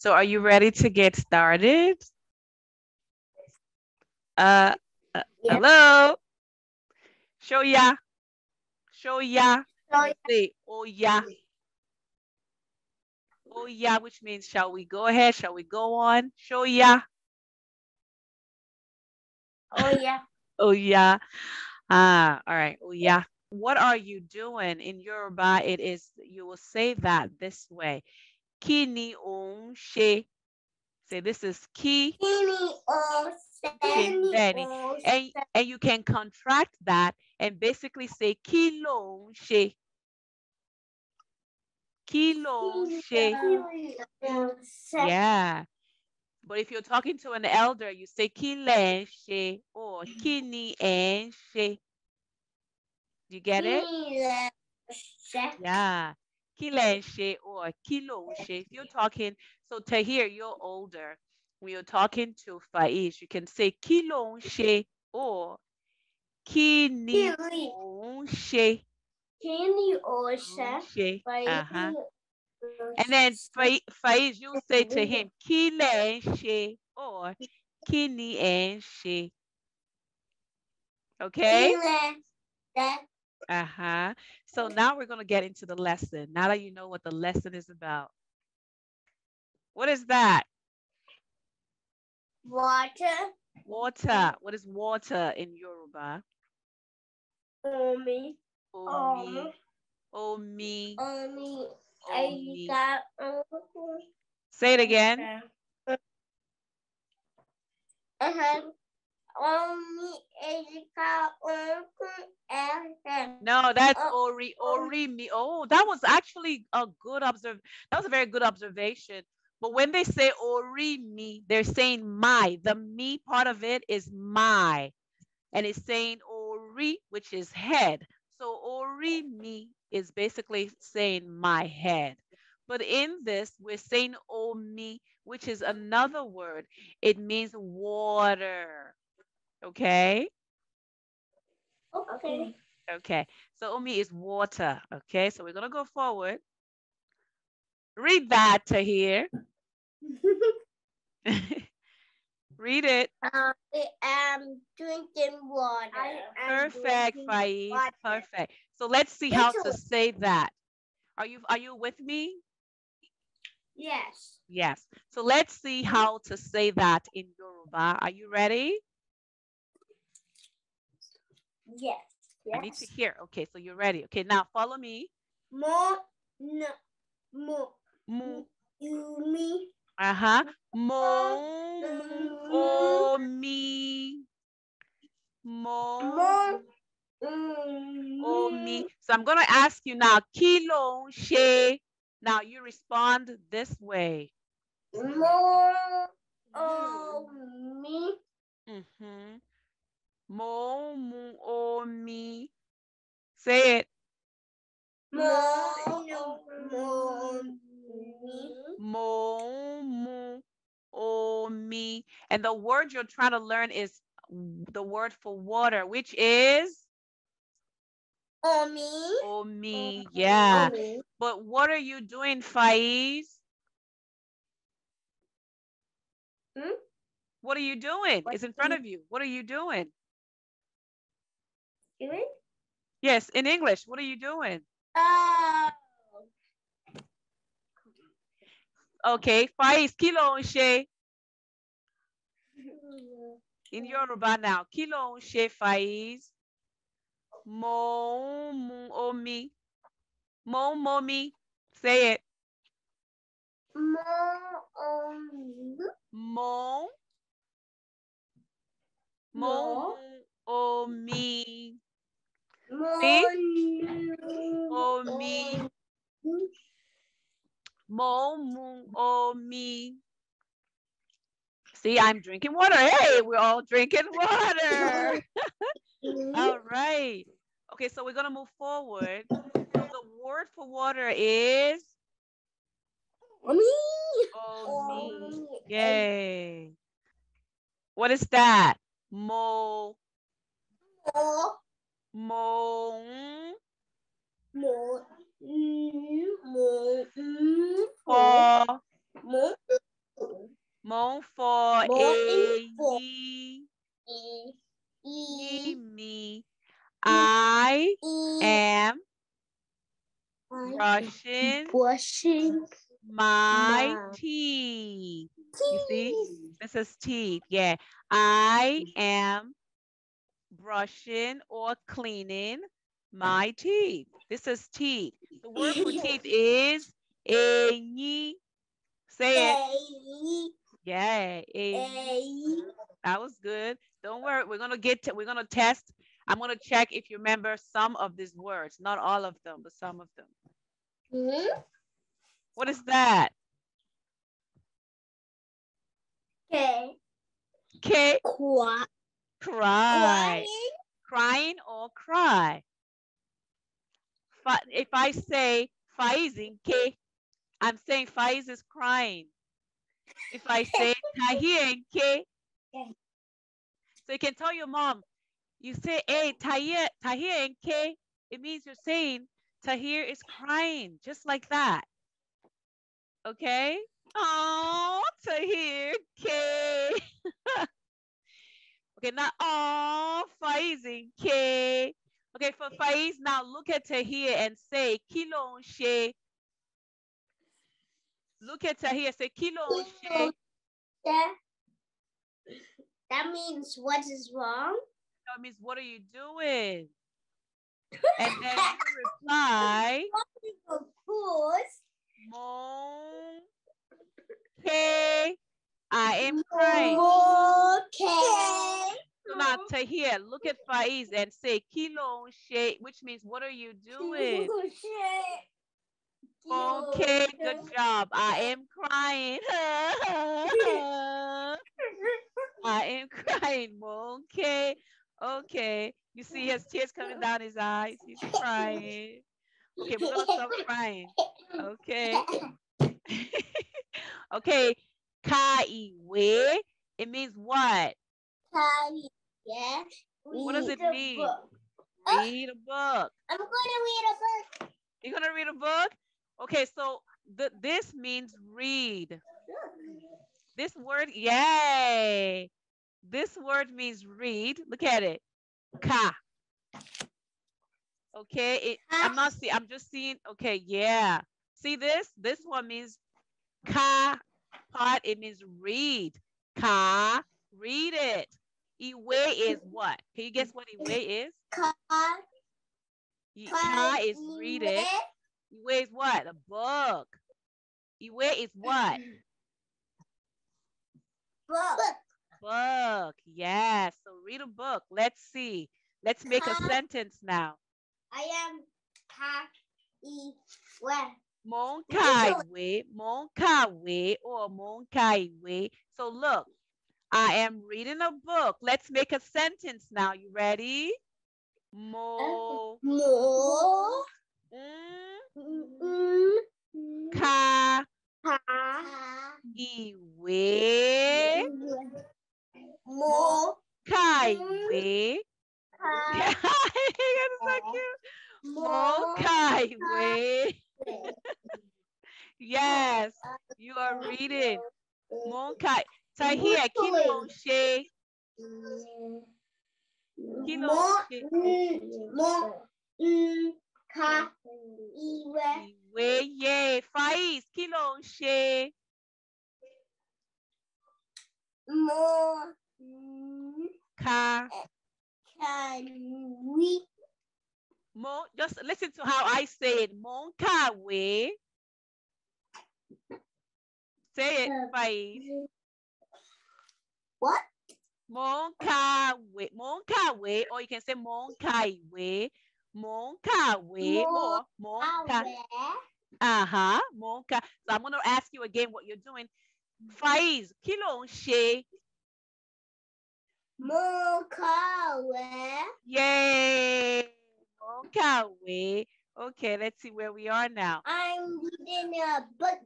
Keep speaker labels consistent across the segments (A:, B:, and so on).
A: So are you ready to get started? Uh, uh yeah. hello? Show ya. Show ya. Oh, ya. oh yeah. Oh yeah, which means shall we go ahead? Shall we go on? Show ya. Oh yeah. oh yeah. Ah, all right. Oh yeah. What are you doing in Yoruba? It is, you will say that this way. Kí ni ò she. Say this is kí. Kini ni ò And, and you can contract that and basically say kí ló ń ṣe. Kí ṣe. Yeah. But if you're talking to an elder, you say kí lẹ ṣe or kí ni ẹ ń ṣe. Do you get it? Yeah kí or kí If you're talking, so Tahir, you're older. When you're talking to Faiz, you can say kí ló or kí ni ò ṣe. Uh-huh. And then Faiz, you say to him, kí or kí ni Okay? Uh-huh. So now we're going to get into the lesson. Now that you know what the lesson is about. What is that? Water. Water. What is water in Yoruba? Omi. Omi. Omi. Omi. Omi. Say it again. Uh-huh. Omi. No, that's ori oh. ori mi. Oh, that was actually a good observe. That was a very good observation. But when they say ori mi, they're saying my. The me part of it is my, and it's saying ori, which is head. So ori mi is basically saying my head. But in this, we're saying omi, which is another word. It means water. Okay. Okay. Okay. So Umi is water. Okay. So we're going to go forward. Read that to here. Read it. Um, I am drinking water. Perfect, Faiz. Perfect. So let's see how to say that. Are you are you with me? Yes. Yes. So let's see how to say that in Yoruba. Are you ready? Yes. yes. I need to hear. Okay, so you're ready. Okay, now follow me. Mo, no, mo. Mo. me. Uh-huh. Mo, o, me. Mo. Mo. Oh, me. So I'm going to ask you now, kilo, she. Now you respond this way. Mo, o, mm-hmm. me. Mm-hmm. Momi. Say it. Momu. Omi. And the word you're trying to learn is the word for water, which is? Omi. Omi, yeah. But what are you doing, Faiz? Hmm? What are you doing? What it's in front of you. What are you doing? Doing? Yes, in English. What are you doing? Oh. Okay, faiz, kilo onche. In Yoruba now, kilo onche faiz. Mo mu omi. Mo momi. Say it. Mo omi. Mo. Mo omi. Sí. O mi. Mo, o mi. See, I'm drinking water. Hey, we're all drinking water. all right. Okay, so we're going to move forward. So the word for water is? Omi. Omi. Yay. What is that? Mo. Mo. Mộn. Mộn. Mộn. For. Mộn. Mộn for a ye. Ye me. I am brushing, brushing my, my teeth. teeth. You see? This is teeth. Yeah. I am brushing or cleaning my mm. teeth. This is teeth. The word for teeth is eñi. Say it. Yeah, That was good. Don't worry, we're gonna get to, we're gonna test. I'm gonna check if you remember some of these words, not all of them, but some of them. -hmm. What is that? Okay. Okay. Cry. Crying? or cry. If I say Faizin in I'm saying Faiz is crying. If I say Tahir K, so you can tell your mom, you say, hey, Tahir, in K. it means you're saying Tahir is crying, just like that. Okay? Oh, Tahir K. Okay, now all Faiz in K. Okay, for Faiz, now look at her here and say kilo she. Look at her here, say kilo she. That means what is wrong? That means what are you doing? and then you reply. Of course. Mon. I am crying. Okay. Not to Look at Faiz and say, Kilo which means what are you doing? Okay, good job. I am crying. I am crying. Okay. Okay. You see his tears coming down his eyes. He's crying. Okay, we're going to stop crying. Okay. okay. Kaiwe. It means what? yeah. What does it mean? Book. Read a book. I'm going to read a book. You're going to read a book? Okay, so the this means read. This word, yay. This word means read. Look at it. Ka. Okay, it, I'm not see. I'm just seeing. Okay, yeah. See this? This one means ka part, it means read. Ka, read it. Iwe is what? Can you guess what Iwe is? Ka. Ka is read it. Iwe is what? A book. Iwe is what? Book. Book. Yes. So read a book. Let's see. Let's make a sentence now. I am Ka Iwe. Monkaiwe, Monkaiwe, or Monkaiwe. So look, I am reading a book. Let's make a sentence now. You ready? Mo. Mo. Ka. Iwe. Mo. Kaiwe. Ka. That's so cute. Mo. Kaiwe yes, you are reading. Monkai. Tahir, Kinmonshe. Kinmonshe. Ka iwe. Iwe ye. Faiz, Kinmonshe. Mo. Ka. we? Mon, just listen to how I say it. Moncawe. Say it, Faiz. What? Moncawe. Moncawe, or you can say Moncaiwe. Moncawe. mon Moncawe. Uh-huh. Monca. So I'm going to ask you again what you're doing. Faiz, kí ló ń kàwé. Yay! Okawe. Okay, let's see where we are now. I'm reading a book.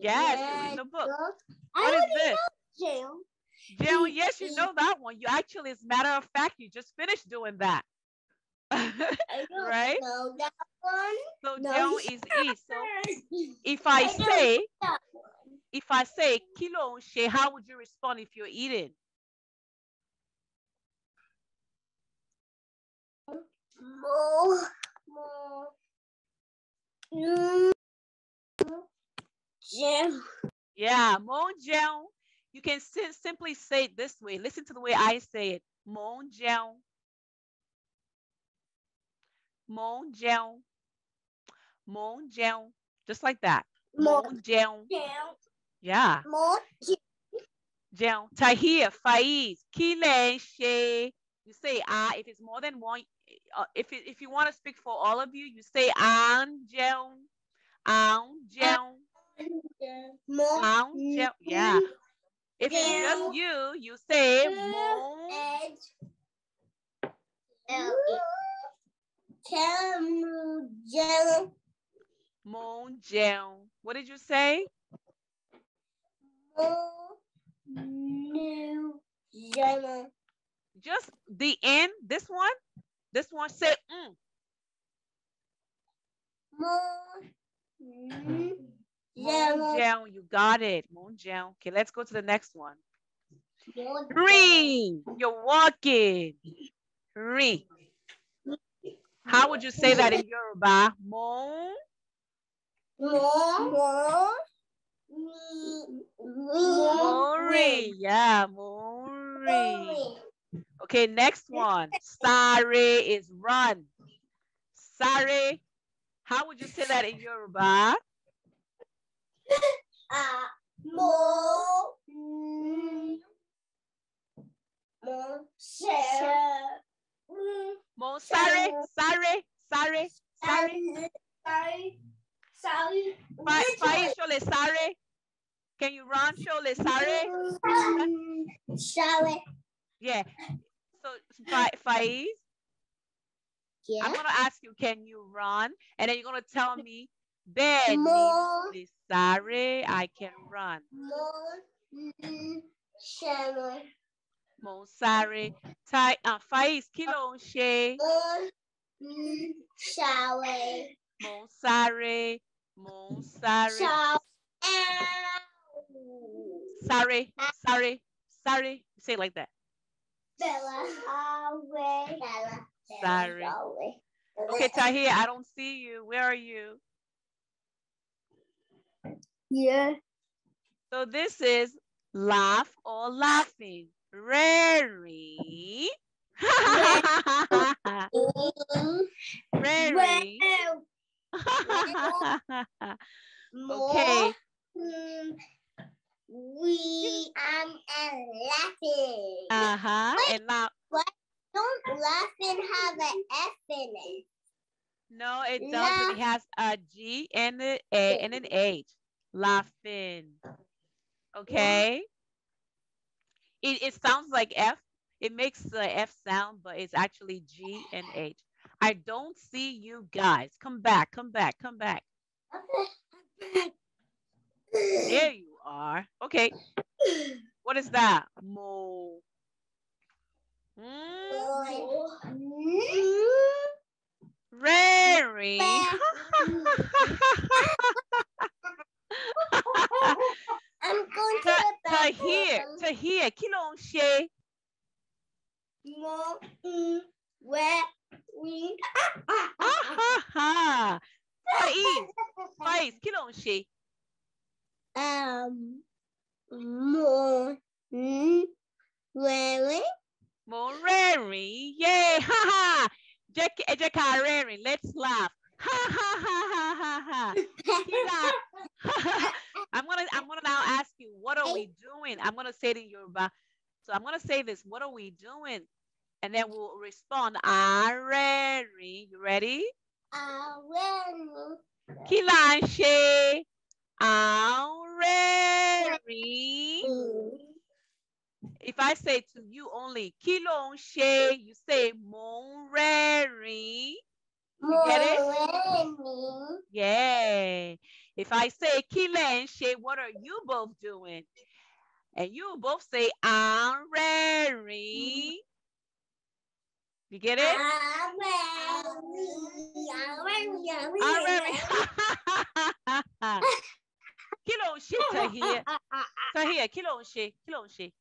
B: Yes, yes. reading a book.
A: I what is this? Jail. Jail. yes, you know that one. You actually, as a matter of fact, you just finished doing that. right? know that one. So no, is E. So if I, I say, if I say kilo she, how would you respond if you're eating? more, more, Yeah, mon Jeon. You can simply say it this way. Listen to the way I say it. Mon Jeon. Mon Jeon. Mon Jeon. Just like that. Mon Jeon. Yeah. Mon Jeon. Tahir, Faiz, Kile, She. You say ah if it's more than one, uh, if it, if you want to speak for all of you, you say angel, angel, angel. Yeah. If it's just you, you say mon. Mon gel. What did you say? Just the end, this one? This one say mm. Moon.
B: Moon You got it. Moon Jeon.
A: Okay, let's go to the next one. Green. You're walking. Green. How would you say that in Yoruba? Moon. Moon. Moon. Yeah, moon. Okay, next one. Sare is run. Sare, how would you say that in Yoruba? Uh, mo, mo, mo, sare, sare, sare, sare. sare, Sorry. Fai, Shole, sare. Can you run, Shole, sare? Sare. Yeah. So, Faiz, yeah. I'm going to ask you, can you run? And then you're going to tell me, Ben, sorry, I can run. More, mo sorry, tai àǹfààní kí ló ń ṣe. mo sorry, ṣàwẹ̀. mo sorry, sorry, sorry, sorry, sáré. sáré sáré sáré say it like that. Bella. Sorry. Bella. Sorry. Okay, Tahir, I don't see you. Where are you? Yeah. So this is laugh or laughing. Rary. Rary. It's actually G and H. I don't see you guys. Come back, come back, come back. There you are. Okay. What is that? Mo. Mm. Very. I'm going to, to, to hear, to hear. Kilong she mo, in, we, win. Ah, ah, Thaís, Thaís, que longe. Um, mo, in, we, Mo raring, yay, ha ha. Jack, eh, Jack, raring, let's laugh. Ha ha ha ha ha ha. I'm gonna, I'm gonna now ask you, what are we doing? I'm gonna say it in Yoruba. So I'm going to say this. What are we doing? And then we'll respond. ready? You ready? Are Kí là If I say to you only, kí You say, Mon ń You get it? Yeah. If I say, kí What are you both doing? And you both say, I'm ready. Mm-hmm. You get it? I'm ready. I'm ready. I'm ready. Kilo she tahia. Tahia, kilo she, kilo she.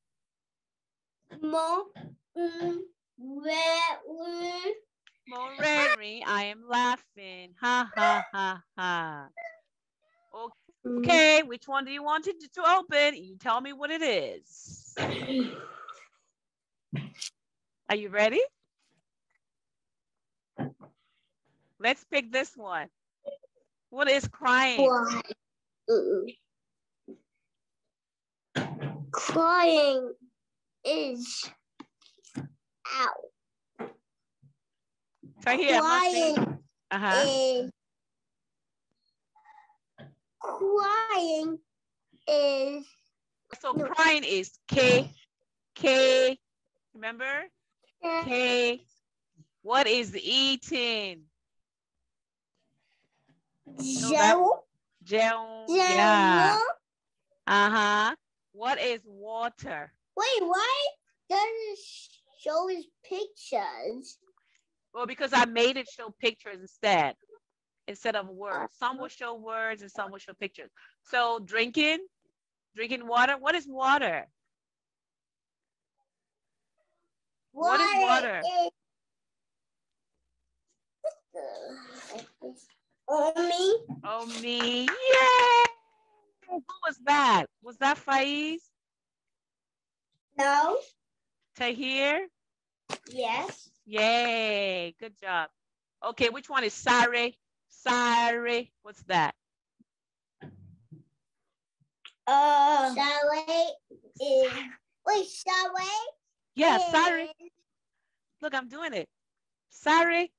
A: Mo, Mon Rary, I am laughing. Ha ha ha which one do you want to, to open? You tell me what it is. Are you ready? Let's pick this one. What is crying? Crying, crying is out. Right here. Crying uh -huh. is crying is. So no. crying is K, K, remember? Yeah. K. What is eating? Gel. Gel. Yeah. Uh-huh. What is water? Wait, why doesn't show his pictures? Well, because I made it show pictures instead instead of words. Some will show words and some will show pictures. So drinking, drinking water. What is water? What is water? Oh me. Oh me. Yay! Who was that? Was that Faiz? No. Tahir? Yes. Yay. Good job. Okay, which one is Sare? Sorry. What's that? Uh, sorry is wait, sorry. Yeah, sorry. Look, I'm doing it. Sorry.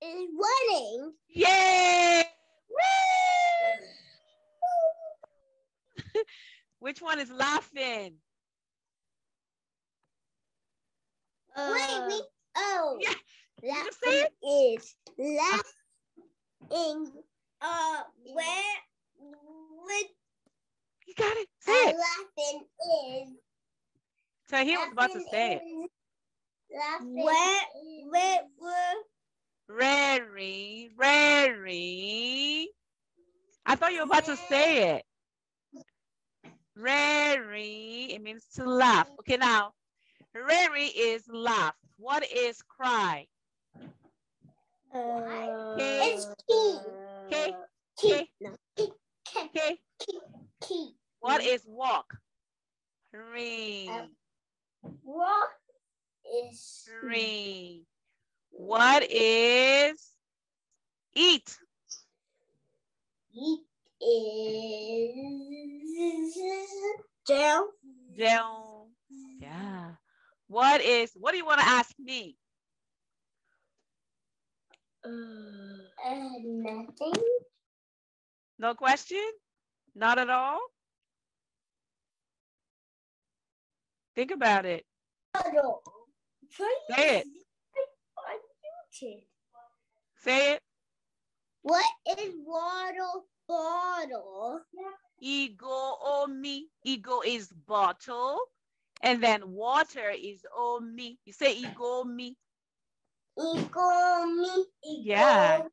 A: Is running. Yay! Woo! Which one is laughing? Uh, wait, we oh. Yeah. Laughing is laughing. In uh, where with you got it. Say it. Laughing is. So he was about to say it. Laughing. Where, where, where? Very, very. I thought you were about to say it. Rary, it means to laugh. Okay, now, rary is laugh. What is cry? Uh, it's key. K. K. K. K. K. What is walk? Three. Um, walk is three. What is eat? Eat is down. Down. Yeah. What is, what do you want to ask me? Uh, nothing. No question? Not at all? Think about it. No. Say it. Say it. What is water bottle? Ego me. Ego is bottle. And then water is me. You say ego me. Economy. Yeah.